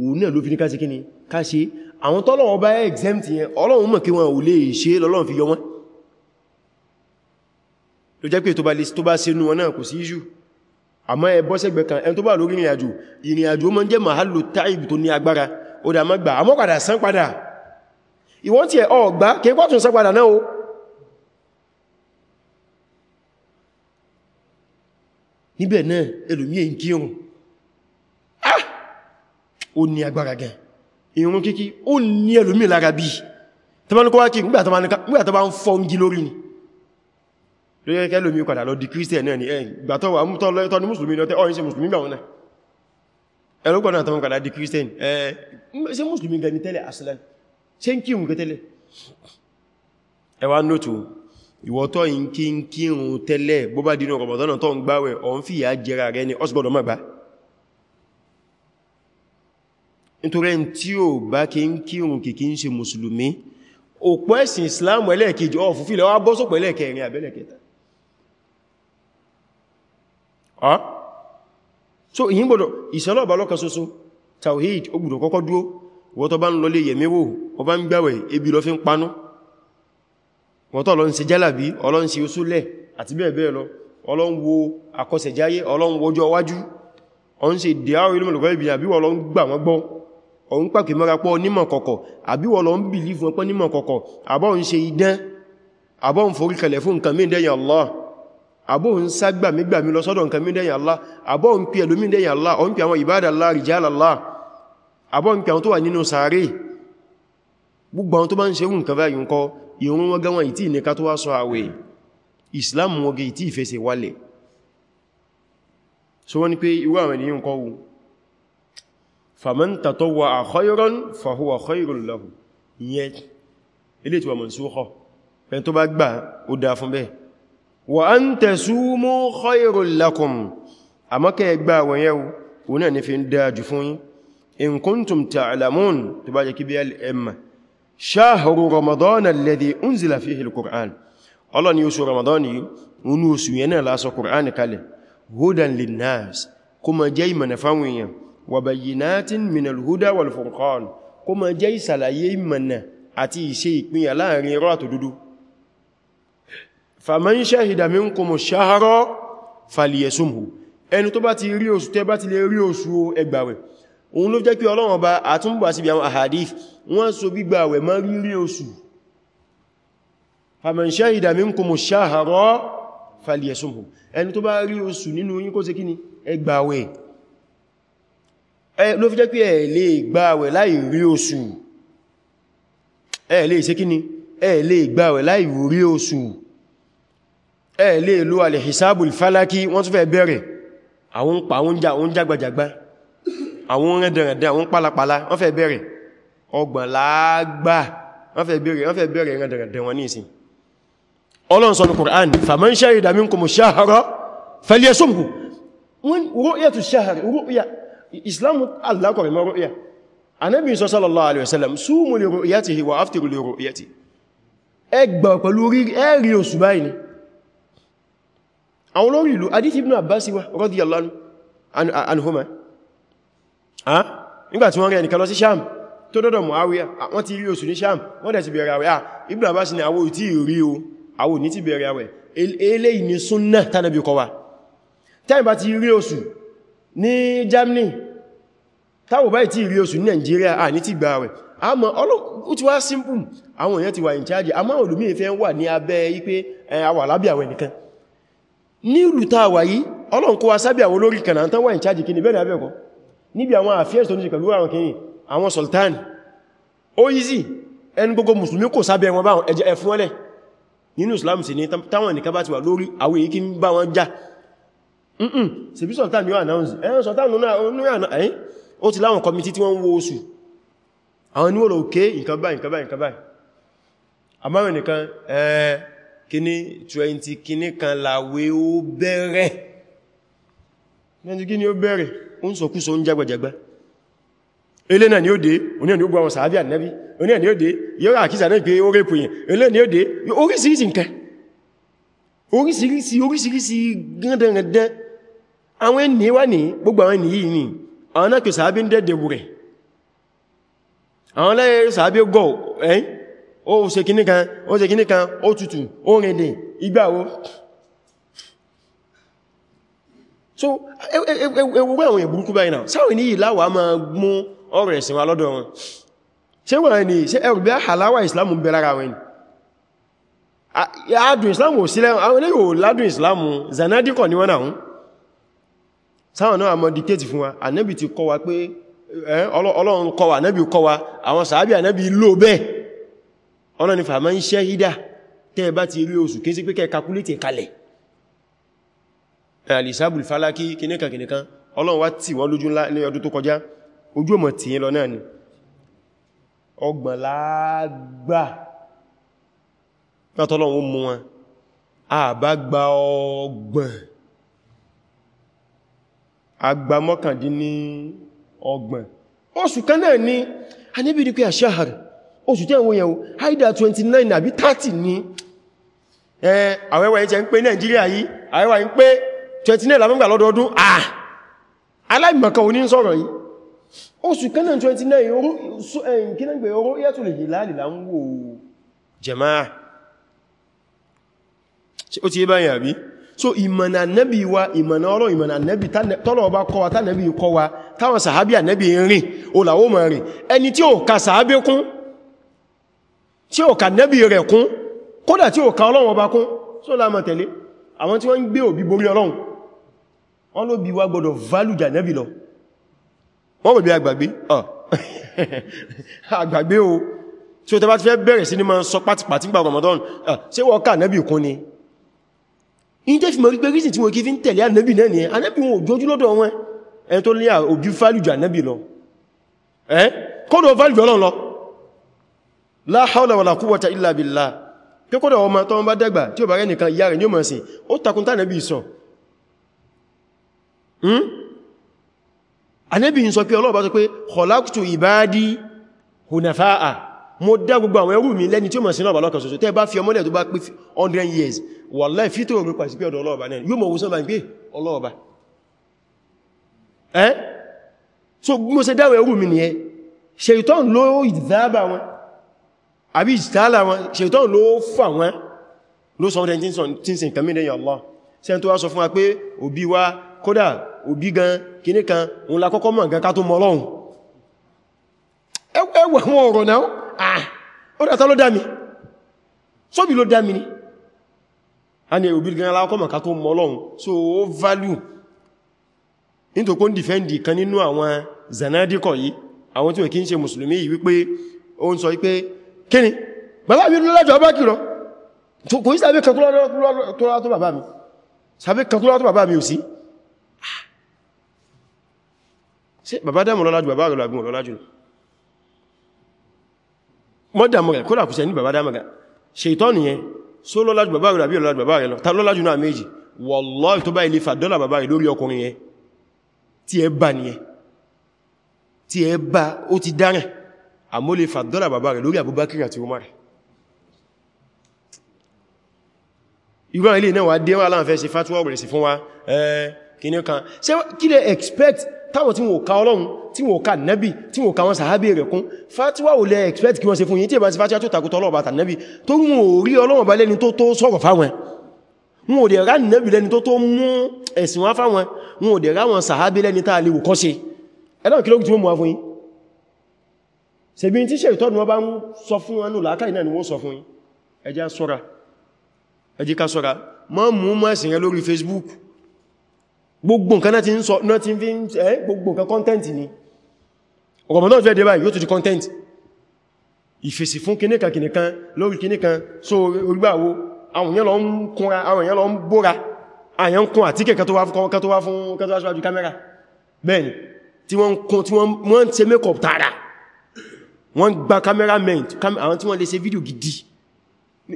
òun náà ló fi ní ká ṣe kí ni ká ṣe àwọn tọ́lọ́run bá exempt yẹn ọlọ́run mọ̀ kí wọn ò àmọ́ ẹbọ́ sẹ́gbẹ̀ kan ẹn tó bá lórí ìrìn àjò ìrìn àjò mọ́ jẹ́ mahalu taib tó ní agbára ó dá mọ́gbà àmọ́kàdà sán padà ìwọ́n tí ẹ ọgbá kéèkọ́ tún sán padà náà o níbẹ̀ náà ẹlòmí èyí kírùn ah ó ní agbára gan ìrun kíkí ó ní ẹlòmí lára bí tọ́bánikọ́wá kí lórí ẹ̀kẹ́ lómi padà lọ di kírísítẹ̀ náà ni gbàtọ́wà tọ́ ní mùsùlùmí lọ́tẹ́ ọ̀rin sí mùsùlùmí gbà wọn náà ẹlọ́gbọ̀n náà tọ́wọ́n padà di kírísítẹ̀n ṣe mùsùlùmí gani tẹ́lẹ̀ aslan ṣe ń kírun kẹ tẹ́lẹ̀ ẹwà nótù ìwọ̀tọ́ ìkínkírun tẹ́lẹ̀ bó bá ni ọsgbọ́dọ̀ má gbá nítorí ẹn tí ó bá kí ń kírun kìkí ń ṣe mùsùlùmí òpó ẹ̀sìn Islam ẹlẹ́ẹ̀kejì ọ̀fúfílẹ̀ wá bọ́sọ̀pọ̀ ẹlẹ́ẹ̀kẹrin àbẹ́lẹ̀kẹta so ìyìn gbọ́dọ̀ ìsẹ́lọ̀ ọba lọ́kan ṣoṣo tawhid o gbọ́dọ̀ kọ́kọ́ dúó wọ́n tó bá ń lọlé yẹ̀mẹ́wò ọba ń gbàwẹ̀ ebi lọ fi ń panú wọ́n tó lọ ń ṣe jálàbí ọlọ́n ṣe oṣúlẹ̀ àti bẹ́ẹ̀ wo àkọsẹ̀jáyé ọlọ́n wọjọ́ wájú ọ̀n ṣe dìáwò ilé mọ̀lùkọ́ ibi àbí wọ́n lọ ń gbà wọ́n gbọ́ ọ̀n pàkì mọ́ra pọ́ nímọ̀ kọ̀kọ̀ àbí wọ́n lọ ń bìlí fún ọpọ́ nímọ̀ kọ̀kọ̀ àbọ́ ń ṣe idán àbọ́ ń forí Allah àbò ń ságbà mígbàmí lọ sọ́dọ̀ nǹkan mídẹ̀yìn Allah àbò ń pí ẹlòmí dẹ̀yìn Allah o ń pí àwọn ìbádà Allah rijal Allah àbò ń pí àwọn tó wà nínú sàárè gbogbo àwọn tó bá ń ṣe nǹkan báyìí ń kọ ìrún wọn gáwọn ìtì ìníká tó wá sọ àwẹ̀ Islam wọn gẹ ìtì ìfẹsẹ̀ wálẹ̀ so wọ́n ni ìyẹn ilé ìtura mọ̀ sí ó kọ̀ tó bá gbà ó dáa fún bẹ́ẹ̀ wa an tasumu khayrun lakum amaka egba àwọn yẹn o na ni fi dájú fún yín in kuntum ta'lamun tó bá jẹ́ kí bí al emma shahru ramadan alladhi unzila fihi alquran Allah ní oṣù ramadan yìí onu oṣù yẹn náà la sọ quran kalẹ̀ hudan linnas kuma jẹ́ ìmọ̀nà fáwọn yẹn wa bayyinatin min alhuda wal furqan kuma jẹ́ ìṣàlàyé ìmọ̀nà àti iṣẹ́ ìpínyà láàrin irọ́ àtòdodo faman shahida minkumu shahra falyasumhu ẹni tó bá ti rí oṣù tẹ́ bá ti lè rí oṣù ẹgbàwẹ̀ òun ló jẹ́ pé Ọlọ́run bá àtúnbà síbi àwọn ahadif wọ́n so gbígbàwẹ̀ mọ́ rírí oṣù faman shahida minkumu shahra falyasumhu ẹni tó bá rí oṣù nínú yín kó ṣe kíni ẹgbàwẹ̀ ló fi jẹ́ pé ẹ lè gbàwẹ̀ láì rí oṣù ẹ lè lo alìhìsáàbù ìfàlákí wọ́n tún fẹ́ bẹ̀rẹ̀ àwọn pa àwọn jàgbàjàgbà àwọn rẹ̀dẹ̀rẹ̀dẹ̀ àwọn pálapàla wọ́n fẹ́ bẹ̀rẹ̀ ọgbọ̀n láàgbà wọ́n fẹ́ bẹ̀rẹ̀ wọ́n fẹ́ bẹ̀rẹ̀ rẹ̀dẹ̀rẹ̀dẹ̀ wọn ní ìsìn Ọlọ́run sọ ní Qur'an faman shahida minkumu shahra falyasumhu wọ́n ru'yatu shahr ru'ya Islam Allah kò mọ̀ ru'ya Ànábì sallallahu alaihi wasallam sumu li ru'yatihi wa aftiru li ru'yatihi ẹ gbà pẹ̀lú rí ẹ̀rí oṣù báyìí àwọn olórí ìlú adíti ibn abbas wa radiyallahu anhuma a nígbàtí wọ́n rẹ̀ nìkan lọ sí sham tó dọ́dọ̀ muawiya ah, wọ́n ti rí oṣù ní sham wọ́n dẹ̀ ti bẹ̀rẹ̀ àwẹ̀ à ah, ibn abbas ni àwọ̀ tí rí o àwọ̀ ní ti bẹ̀rẹ̀ àwẹ̀ eléyìí ni súnnà tánàbí kọ wa tẹ́yìn bá ti rí oṣù ní germany táwọ̀ báyìí ti rí oṣù ní nigeria à ní wá simple àwọn èèyàn ti wà in charge àmọ́ olùmí ìfẹ́ wà ní abẹ́ ipé àwà lábí nìkan ní ìlú tàà wà yìí ọlọ́run kó wa sábí àwọn olórí kan náà tán wà ní chájì kí ní bẹ́ẹ̀ ní abẹ́ẹ̀kọ́ níbi àwọn affairs tó ní ṣe pẹ̀lú àwọn kìí àwọn sultani ó yízi ẹni gbogbo mùsùlùmí kò sábẹ́ wọn báwọn ẹjẹ́ ẹfún ọlẹ̀ nínú Islam sì ní táwọn nìkan bá ti wà lórí àwọn èyí kí ń bá wọn já mm ṣebí sultani yóò announce ẹ̀yìn sultani náà ó oníwòlò òkè nǹkan báyìí nǹkan báyìí nǹkan báyìí kíní 20 kíní kan láwé ó bẹ̀rẹ̀ lẹ́njú kíní ó bẹ̀rẹ̀ ó ń sọkúsọ ń jágbàjàgbà ilé náà ni ó dé oní ẹni ó gbọ́ àwọn sàábí ànábí oní ẹni ó dé yọ́rọ̀ àkísà náà pé ó rẹ̀pù yẹn ilé ni ó dé oríṣiríṣi nǹkan oríṣiríṣi oríṣiríṣi gẹ́ndẹ̀rẹ̀dẹ́ àwọn ẹni wá ní gbogbo àwọn ẹni yìí ni àwọn náà kò sàábí ń dẹ́dẹ̀ wù rẹ̀ àwọn lẹ́yẹ sàábí gọ́ ẹ̀yìn ó ṣe kinní kan ó ṣe kinní kan ó tutù ó rìnlẹ̀ ìgbàwo so ewúgbà àwọn ìbúrúkú báyìí náà sáwọn ní ìláwà máa mú ọ̀rọ̀ ẹ̀sìn wa lọ́dọ̀ wọn ṣe wọ́n ni ṣe ẹrù bí àhàláwà ìsìlámù bẹ lára wọn àádùn ìsìlámù ò sílẹ̀ àwọn ilé yóò ládùn ìsìlámù zanadikọ̀ ni wọ́n náà sáwọn náà mọ́ dictate fún wa ànábì ti kọ́ wa pé ọlọ́run kọ́ wa ànábì kọ́ wa àwọn sàábì ànábì lò bẹ́ẹ̀ ọ̀nà ni fàmá ń ṣẹ́ hídá tẹ́ bá ti rí oṣù kí sí pé kẹ́ kàkúlétì kalẹ̀ alisabul falaki kìníkà kìníkà ọlọ́run wá tì wọ́n lójú ní ọdún tó kọjá ojú ọmọ tí lọ náà ni ọgbọ̀n láàgbà látọ́lọ́run mú wọn àbá gba a níbi ni pé àṣáhàrì oṣù tí àwọn yẹ̀wò haida 29 àbí 30 ní àwẹ́wà ẹ̀jẹ̀ ń pé Nàìjíríà yìí àwẹ́wà ń pé 29 lábọ́ngbà lọ́dọọdún àà aláìmọ̀kan oní sọ̀rọ̀ yìí oṣù kan náà 29 oró ẹ̀yìn kí náà gbẹ̀ oró yẹ́tù lè yìí láàrì là ń wò jẹmáà ó ti yé báyìí àbí so ìmọ̀nà nẹ́bì wa ìmọ̀nà ọ̀rọ̀ ìmọ̀nà nẹ́bì tọ́lọ̀ ọba kọwa tánẹ́bì kọwa táwọn sàhábì ànẹ́bì ń rìn olàwó mọ̀ rìn ẹni tí ó ka sàhábì kún tí ó kà nẹ́bí rẹ̀ kún kódà tí ó kà ọlọ́run ọba kún só lámọ̀ tẹ̀lé àwọn tí wọ́n ń gbé òbí borí ọlọ́run wọ́n ló bí wá gbọdọ̀ válùjà nẹ́bí lọ wọ́n mọ̀ bí agbàgbé agbàgbé o tí ó tẹbá ti fẹ́ bẹ̀rẹ̀ sí ní ma sọ pátipàtí gbà Ramadan ṣé wọ́n kà nẹ́bí kún ni in tẹ́ fi mọ̀ wípé rísìn tí wọ́n kí fi ń tẹ̀lé ànẹ́bì náà ni ànẹ́bì wọn ò jójú lọ́dọ̀ wọn ẹni tó ní òbí fálùjà ànẹ́bì lọ ẹ́ kọ́dọ̀ la hawla wala quwwata illa billah pé kódà ọmọ tó ń bá dẹ́gbà tí ó bá rẹ̀ nìkan ìyá rẹ̀ ní ó mọ̀ sí ó takun tánàbí sọ anẹ́bí hmm? ń sọ pé ọlọ́ọ̀bá sọ pé khalaqtu ibadi hunafa'a mo dá gbogbo àwọn ẹrú mi lẹ́ni tí ó mọ̀ sí náà lọ́kan ṣoṣo tẹ́ bá fi ọmọlẹ̀ tó bá pé 100 years wallahi fi tó rẹ̀ pàṣípẹ́ ọ̀dọ̀ ọlọ́ọ̀bá náà yóò mọ̀ wùsán bá ń pé ọlọ́ọ̀bá so mo ṣe dáwọn ẹrú mi nìyẹn ṣe ìtọ́n ló ìdábà wọn àbí ìtàlà wọn ṣètọ́n ló fà wọn ló sọ ọdẹ́ tí ń sin kàmí lẹ́yìn Allah ṣe tó wá sọ fún wa pé òbí wa kódà òbí gan kìní kan òun la kọ́kọ́ mọ̀ gan ká tó mọ̀ Ọlọ́run ẹwẹ̀ wọn ah ó dàtà ló dámi sóbi ló dámi ni a ní òbí so value nítòkó ń dìfẹ́ndì kan nínú àwọn zanadikọ̀ yìí àwọn tí wọ́n kí ń ṣe mùsùlùmí yìí wípé ó ń sọ wípé kíni bàbá mi lọ́lájọ abákìrọ kò ní sàbí kankúlọ́wọ́ tó bàbá mi sàbí kankúlọ́wọ́ tó bàbá mi ò sí sí bàbá dámù lọ́lájọ bàbá rẹ̀ lágún lọ́lájọ mọ́ dámù rẹ̀ kó làkúsẹ̀ ní bàbá dámù rẹ̀ ṣètọ́nù yẹn só lọ́lájọ bàbá rẹ̀ àbí lọ́lájọ bàbá rẹ̀ lọ ta lọ́lájọ náà méjì wallahi tó ẹ bá ó ti dáràn àmọ́ lè fàdọ́là bàbá rẹ̀ lórí Abubakar àti Umar irú àwọn ilé náà wà dẹ́wà aláàfẹ́ sí fatuwa rẹ̀ sí fún wa kìíní kan ṣe kí lẹ expect táwọn tí wọ́n ka Ọlọ́run tí wọ́n ka Nábì tí wọ́n ka wọn sàhábé rẹ̀ kún fatuwa ò lẹ expect kí wọ́n ṣe fún yín tí ìbá sí fatuwa tó takútọ Ọlọ́run bàtà Nábì tó mú orí Ọlọ́run bá lẹ́ni tó tó sọ̀rọ̀ fáwọn wọn ò dẹ̀ rá Nábì lẹ́ni tó ṣebí tí ṣe ìtọ́nù wọn bá ń sọ fún wọn láàkà ìnáà ni wọ́n sọ fún yín ẹ jẹ́ ṣọ́ra ẹ jẹ́ ká ṣọ́ra mọ́ mú mọ́ ẹ̀sìn rẹ lórí Facebook gbogbo nǹkan náà ti ń sọ náà ti fi ń ẹ́ gbogbo nǹkan content ni ọ̀rọ̀mọ̀dọ́ fẹ́ dé báyìí yóò tó di content ìfèsì fún kìníkan kìníkan lórí kìníkan so orígbàwó àwọn èèyàn lọ ń kúnra àwọn èèyàn lọ ń bóra àyàn ń kún àtíkẹ̀ kan tó wá fún kẹtọ́wá síwájú kámẹ́rà bẹ́ẹ̀ni tí wọ́n ń ṣe make up tààrà wọ́n gba cameraman àwọn tí wọ́n lè ṣe fídíò gidi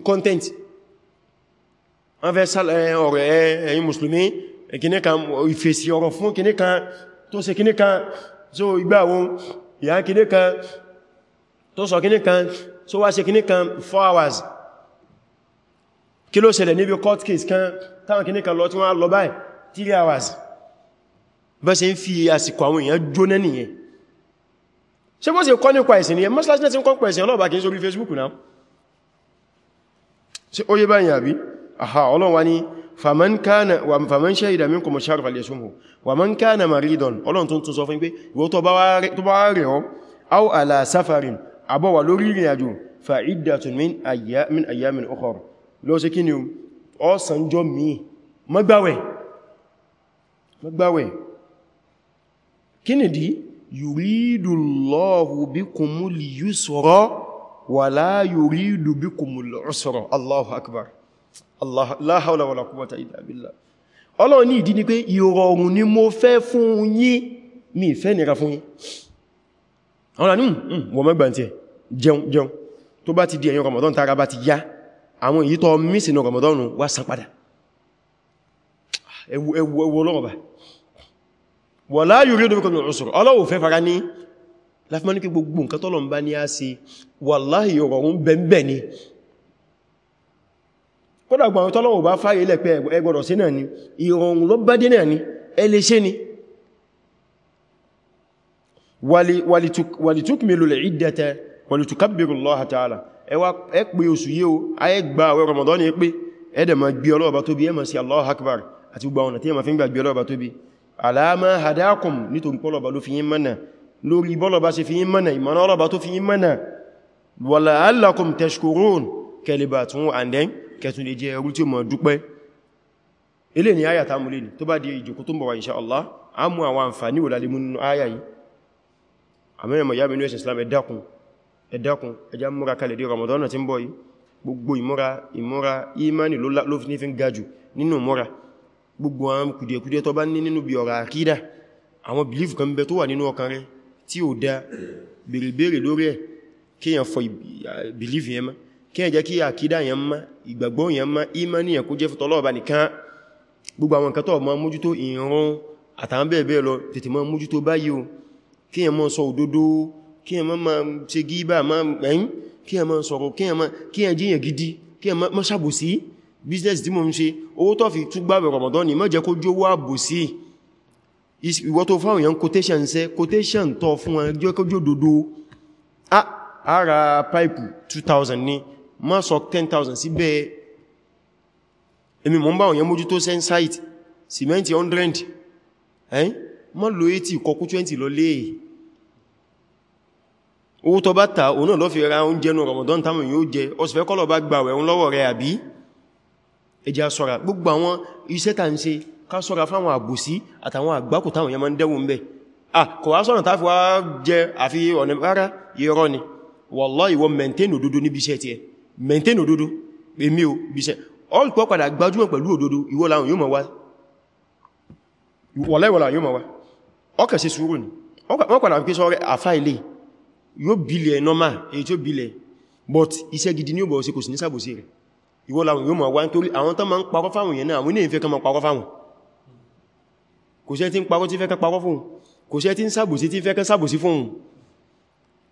content wọ́n fẹ́ eh, ọ̀rọ̀ eh, ẹ̀yin musulmi eh, kìníkan ìfèsì ọ̀rọ̀ fún kìníkan tó ṣe kìníkan tó ìgbà wọn ìyá kìníkan tó sọ kìníkan tó wá ṣe kìníkan 4 hours kí ló ṣẹlẹ̀ níbi court case kan táwọn kìníkan lọ tí wọ́n lọ báyìí 3 hours bẹ́ ṣe ń fi àsìkò àwọn èèyàn jóná nìyẹn ṣe bó ṣe kọ́ nípa ẹ̀sìn ni mọ́sálásí náà ti ń kọ́ pẹ̀sìn ọlọ́ọ̀bá kìí sórí Facebook náà ṣe ó yé báyìí àbí àhà Ọlọ́run wá ní faman kana wa faman shahida minkum ash-shahr falyasumhu wa man kana ni ó sànjọ́ mi má kí nìdí yùrídù lọ́hù bíkùmù lìyúsọ́rọ̀ wà láà yùrídù bíkùmù lọ́sọ̀rọ̀ Allahu akbar la hawla wala quwwata illa billah Ọlọ́run ní ìdí ni pé ìrọ̀rùn ni mo fẹ́ fún yín mi fẹ́ nira fún yín ọ̀rọ̀ ní hmm, hmm, wọ́n mẹ́gbà tí ẹ jẹun jẹun tó bá ti wala yuridu bikum al-usr ọlọ́wọ̀ fẹ́ fara ní láfimá ní pé gbogbo nǹkan tọ́lọ̀ ń bá ní á sí wallahi ìrọ̀rùn bẹ̀m̀bẹ̀ ni kódà gbọ́n tọ́lọ̀wọ̀ bá fàyè lẹ́pẹ́ ẹgbọ́dọ̀ sí náà ni ìrọ̀rùn ló bá dé náà ni ẹlẹ́ṣẹ́ ni walitukmilu al-iddata walitukabbiru Allaha ta'ala ẹ pé oṣù yìí o ayé gba àwẹ̀ Ramadan ni alama hadakum nítorí pọ́lọ̀bá ló fi yí mọ́nà lórí bọ́lọ̀bá ṣe fi yí mọ́nà ìmọ̀nà ọlọ́bá tó fi yí mọ́nà wàlá alákùn tashkurun kẹlìbà tún àndẹ́n kẹtùn lè jẹ ẹrú tí mọ̀ dúpẹ́ ilé ni áyà tàmù lè ní tó bá di ìjòkó tó ń bọ̀wà insha Allah a mú àwọn àǹfàní wò lálé múnú áyà yìí àmẹ́rin mọ̀ yàmínú ẹ̀sìn Islam ẹ̀dàkùn ẹ̀dàkùn ẹjá múra kalẹ̀ dé Ramadan tí ń bọ̀ yìí gbogbo ìmúra ìmúra imani ló fi ní fi ń gajù nínú múra gbogbo àwọn kùdìẹ̀kùdìẹ̀ tó bá ní nínú bí ọ̀rọ̀ àkídà àwọn belief kan bẹ tó wà nínú ọkàn rẹ tí ó dá bèèrè lórí ẹ̀ kíyàn fọ belief yẹn mọ́ kíyàn jẹ́ kí àkídà yẹn mọ́ ìgbàgbọ́ yẹn mọ́ ìmánì yẹn kó jẹ́ fún tọ́lọ́ọ̀bá nìkan gbogbo àwọn nǹkan tó mọ́ mójútó ìran àtàwọn business tí mo ń ṣe owó tó fi tún gbáwẹ̀ Ramadan má jẹ́ kó jó wá bò sí ìwọ tó fún àwọn quotation ṣe quotation tó fún wọn jẹ́ kó jó dodo ah ara pipe 2000 ní má sọ 10000 síbẹ̀ èmi mo ń bá àwọn mójú tó sensite cement 100 eh má lo 80 kọkú 20 lọ lé owó tó bá ta òun náà lọ fi ra oúnjẹ ní Ramadan táwọn yóò jẹ ọ̀sẹ̀fẹ́ kọ́lọ̀ bá gbàwẹ̀ ń lọ́wọ́ rẹ̀ àbí ẹjá ṣọ́ra gbogbo àwọn iṣẹ́ tà ń ṣe ká ṣọ́ra fáwọn àbòsí àtàwọn àgbákò táwọn yẹmọ́ ń dẹ́wọ̀n bẹ́ ah kò wá sọ́nà táfi wá jẹ àfi ọ̀nà rárá irọ́ ni wallahi ìwọ maintain òdodo níbi iṣẹ́ tiẹ̀ maintain òdodo èmi ò bí iṣẹ́ all pọ̀ padà gbájúmọ̀ pẹ̀lú òdodo ìwọ làwọn yóò mọ̀ wá wallahi ìwọ làwọn yóò mọ̀ wá ọkẹ̀ sí sùúrù ni wọ́n padà pín sọ́rẹ́ àfá ilé yóò bílẹ̀ normal èyí tó bílẹ̀ but iṣẹ́ gidi ní ò bọ̀ sí kò sí ní sàbòsí rẹ̀ ìwọ́ làwọn yóò mọ̀ wá nítorí àwọn tán máa ń parọ́ fáwọn yẹn náà àwọn ní ìfẹ́ kan máa parọ́ fáwọn kò sẹ́ tí ń parọ́ tí fẹ́ kan parọ́ fóun kò sẹ́ tí ń sàbòsí tí fẹ́ kan sàbòsí fóun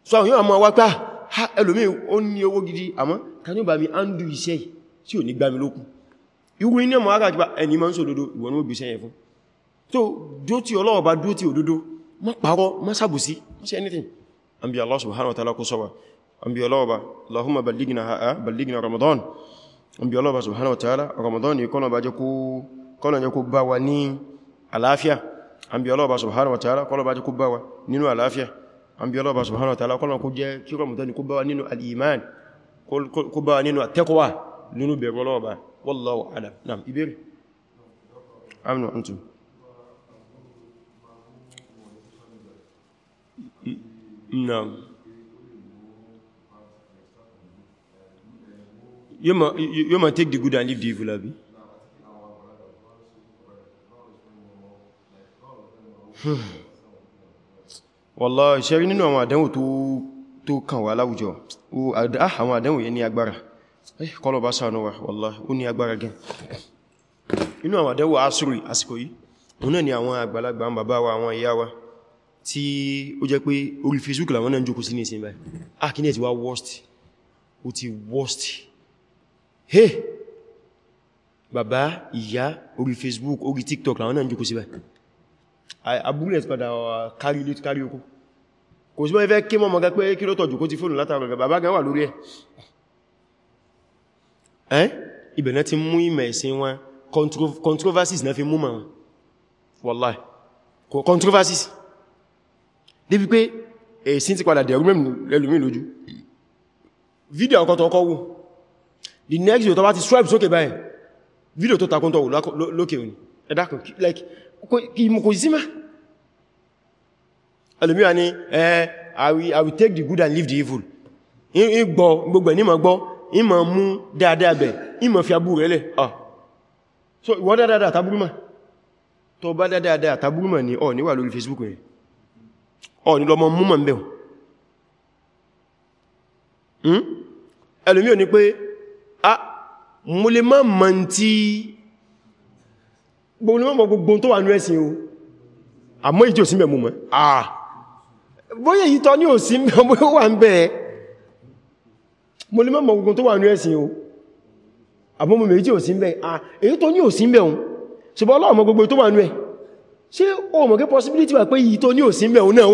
so àwọn yóò mọ̀ wá pé ah, ha ẹlòmí ó ní owó gidi àmọ́ kan yóò bá mi á ń du iṣẹ́ yìí tí ò ní gbá mi lókun irú iná mọ̀ ara kípa ẹni máa ń sòdodo ìwọ̀n ó gbèsẹ́ yẹn fún ń bí ọlọ́bà subhanahu wa ta'ala Ramadan kọ́nà bá jẹ́ kó bá wa ní àlàáfíà ń bí ọlọ́bà subhanahu wa ta'ala kọ́nà bá jẹ́ kó bá wa nínú àlàáfíà ń bí ọlọ́bà subhanahu wa ta'ala kọ́nà kó jẹ́ you ma, you, ma take the good and leave the evil abi wallahi ṣe rí nínú àwọn àdánwò tó kàn wà láwùjọ àwọn àdánwò yẹn ní agbára eh, kọlọ̀bá ṣàánú wa wallahi ó ní agbára gan inú àwọn àdánwò asúrì àsìkò yìí òun náà ni àwọn àgbàlagbà àwọn bàbá wa àwọn ìyá wa tí ó jẹ́ pé orí Facebook làwọn náà ń jókòó sí ní ìsinmi báyìí ah kí ní worst ó worst hey bàbá ìyá orí facebook orí tiktok làwọn náà ń jùkú síbẹ̀ abúlé padà kárí ilé kárí okú kò sí mọ́ fẹ́ kí mọ́ mọ́gá pé kí ló tọ̀jù kó ti fóònù látàrà bàbá gan wà lórí ẹ̀ ibẹ̀ náà ti mú ìmẹ̀ ẹ̀sìn wọn controversies náà fi mú ma wọn wallahi controversies débi pé ẹ̀sìn ti padà dẹ̀rú mẹ́mù lẹ́lùmí lójú fídíò ọkọ̀ tọ́kọ́ wù the next video tó bá ti swipe sókè báyìí video tó takun tó wù lókè òní ẹ̀dàkùn like kí mú kò sí má ni eh I will, I will take the good and leave the evil ìgbọ́ gbogbo ní ma gbọ́ ìmọ̀ mú dáadáa bẹ̀ ìmọ̀ fi abú rẹ̀ lẹ̀ ah so ìwọ dáadáa tàbúrúmà tó bá dáadáa tàbúrúmà ni ọ níwà lórí Facebook rẹ̀ ọ ní lọ mọ́ mú mọ̀ ń bẹ̀ hmm? ẹlòmíwà ni pé a mo lè má mọ̀ tí gbogbo tó wà ní ẹ̀sìn o àmọ́ ìjọ sí mẹ́mú mọ́ àà bóyá èyí tọ́ ní òsí mẹ́mú wà ń bẹ̀ẹ́ mo lè má mọ̀ gbogbo tó wà ní ẹ̀sìn o àmọ́ mo méjì òsí mẹ́ àà èyí tọ́ ní òsí mẹ́ òun ṣùgbọ́n ọlọ́ọ̀mọ́ gbogbo tó wà ní ẹ̀ ṣé o mọ̀ kí possibility wà pé èyí tọ́ ní òsí mẹ́ òun náà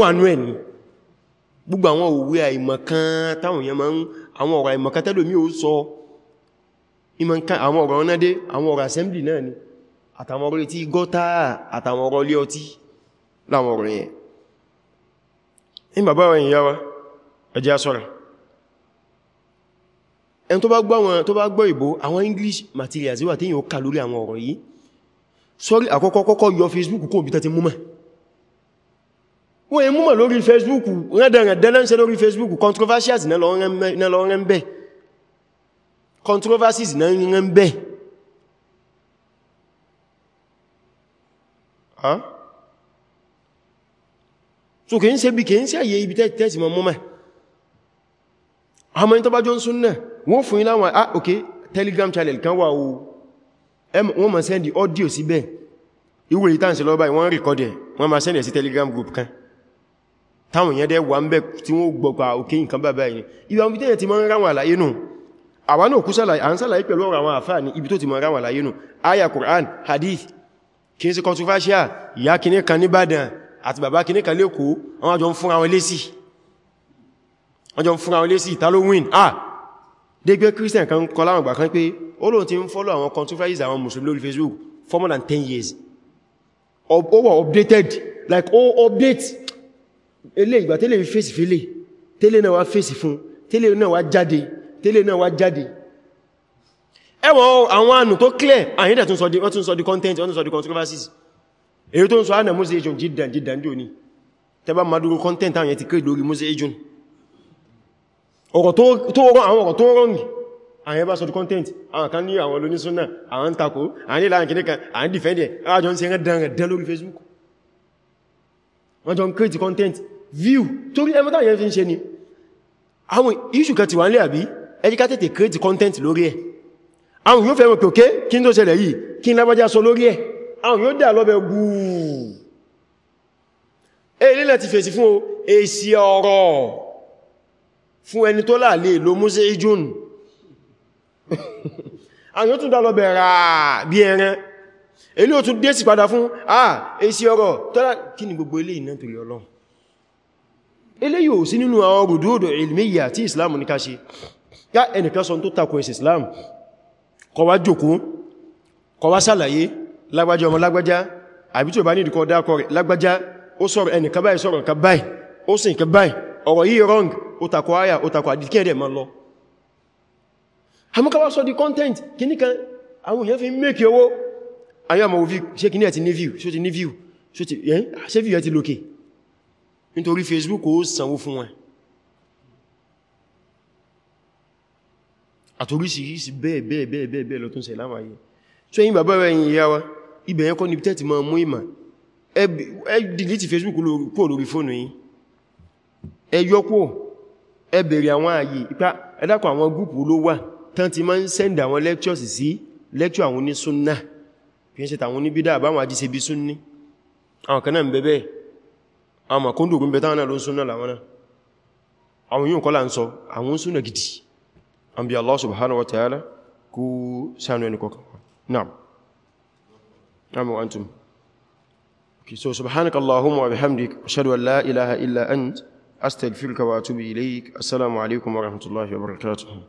gbogbo àwọn òwe àìmọ̀kan táwọn èèyàn máa ń àwọn ọ̀rọ̀ àìmọ̀kan tẹ́lòmí ó sọ ìmọ̀ nǹkan àwọn ọ̀rọ̀ ọ̀nà dé àwọn ọ̀rọ̀ assembly náà ni àtàwọn ọ̀rọ̀ tí gọ́tà àtàwọn ọ̀rọ̀ ilé ọtí láwọn ọ̀rọ̀ yẹn in bàbá wọn ìyá wa ẹjẹ́ asọ́ra ẹn tó bá gbọ́ wọn tó bá gbọ́ ìbò àwọn English materials wà tí yíò ká lórí àwọn ọ̀rọ̀ yìí sọ́rí àkọ́kọ́ kọ́kọ́ yọ Facebook kó òbítẹ́ ti múmà Facebook rẹ́dẹ̀rẹ̀ dẹ́lẹ́ńsẹ́ lórí Facebook controversials náà lọ́rẹ́ ń controversies na ń bẹ so kìí ṣe bí kìí ṣe àyè ibi tẹ́tẹ́sì mọ́ mọ́mọ́ ọmọ ìtọ́bá jọ ń sún náà wọ́n fún ilá ah ok telegram channel kan wà o wọ́n ma sẹ́ndì audio síbẹ̀ ìwé ìtànsì lọ́bàá wọ́n rìkọ́dẹ̀ wọ́n ma sẹ́ndì sí telegram group kan táwọn èèyàn dẹ́ wà ń bẹ tí wọ́n gbọ́gbà òkè ah, nǹkan bàbá yìí ìwà ọmọ ìtẹ́yẹ ti mọ́ ń ráwọn àlàyé náà àwa náà kú sálàyé à ń sálàyé pẹ̀lú ọ̀rọ̀ àwọn àfáà ní ibi tó ti mọ̀ ráwà láyé nù aya Qur'an hadith kì í sí controversial ìyá kìní kan ní Ìbàdàn àti bàbá kìní kan lẹ́kọ̀ọ́ àwọn wọ́n jọ ń fúnra wọn lésì ìta ló win ah dégbé Christian kan kọ láwọn ìgbà kan pé ó lóun ti ń follow àwọn Facebook for more than 10 years ó wà updated like ó update ilé ìgbà tẹ́lẹ̀ fèsì fẹ́lẹ̀ tẹ́lẹ̀ náà wá fèsì fún tele náà wá jáde tẹ́lẹ̀ náà wá jáde ẹwọ àwọn ànù tó clear àyídà tún sọ di content wọ́n tún sọ di controversies èyí tó ń sọ ánà mose ejun jìdàn jìdàn jò ní tẹba maduro content àwọn ti kéde lórí mose ejun ọ̀rọ̀ tó rọ àwọn ọ̀rọ̀ tó rọrùn àyẹ́ bá sọ di content àwọn kan ní àwọn olóní súnà àwọn ń takò àwọn nílà àkíní kan àwọn dìfẹ́ndẹ̀ àjọ ń ṣe rẹ̀ dán rẹ̀ dán lórí Facebook wọ́n jọ ń create content view torí ẹmọ́ta yẹn fi ń ṣe ni àwọn issue kan ti wà nílẹ̀ àbí ẹjíká tètè create content lórí ẹ̀ àwọn yóò fẹ́ràn pé òkè kí n tó ṣẹlẹ̀ yìí kí n lábájá sọ lórí ẹ̀ àwọn yóò dà lọ́bẹ̀ gbùù èyí nílẹ̀ ti fèsì fún èsì ọ̀rọ̀ fún ẹni tó láàlè ló mú sí ìjún àwọn yóò tún dà lọ́bẹ̀ ràá bí ẹran èlé ò tún dé sí padà fún àà èsì ọ̀rọ̀ tọ́lá kí ni gbogbo eléyìí náà torí Ọlọ́run eléyìí ò sí nínú àwọn rùdúdù ilmiya tí Islam ní ká ṣe ká ẹnìkan sọ tó takò ẹ̀sì Islam kó wá jókòó kó wá sàlàyé lágbàjá ọmọ lágbàjá àbí tí ó bá ní ìdíkọ̀ dákọ̀ rẹ̀ lágbàjá ó sọ̀rọ̀ ẹnìkan báyìí sọ̀rọ̀ kan báyìí ó sì nǹkan báyìí ọ̀rọ̀ yìí wrong ó takò àyà ó takò àdìkẹ́ẹ̀dẹ̀ ma lọ àmúkọwà sọ di content kìníkan àwọn èèyàn fi ń mẹ́kì owó ayọ́ ọmọ view ṣe ti ní view ṣe view ẹ̀ ti lókè nítorí Facebook ó sanwó fún wọn àtorísìírísì bẹ́ẹ̀ bẹ́ẹ̀ bẹ́ẹ̀ bẹ́ẹ̀ bẹ́ẹ̀ lọ tún ṣe lámàáyé tó yí bàbá rẹ̀ yìí yáwa ibẹ̀ yẹn kọ́ ní tẹ́ẹ̀tì máa mú ìmà ẹ dìlítì Facebook kúrò lórí fóònù yìí ẹ yọ́pò ẹ bèèrè àwọn ààyè ipá ẹ̀dàkọ̀ àwọn gúùpù ló wà tán ti máa ń send àwọn lectures sí lecture àwọn ní súnnà fi ń ṣe tàwọn ní bídá àbáwọn àjíṣe bí súnní àwọn sọ àwọn súnnà gidi an bí Allah subhanahu wa ta'ala kú sánú ẹni kọkàn na'am na'am wa antum okay so subhanaka Allahumma wa bihamdik ashhadu an la ilaha illa ant astaghfiruka wa atubu ilayk assalamu alaikum wa rahmatullahi wa barakatuh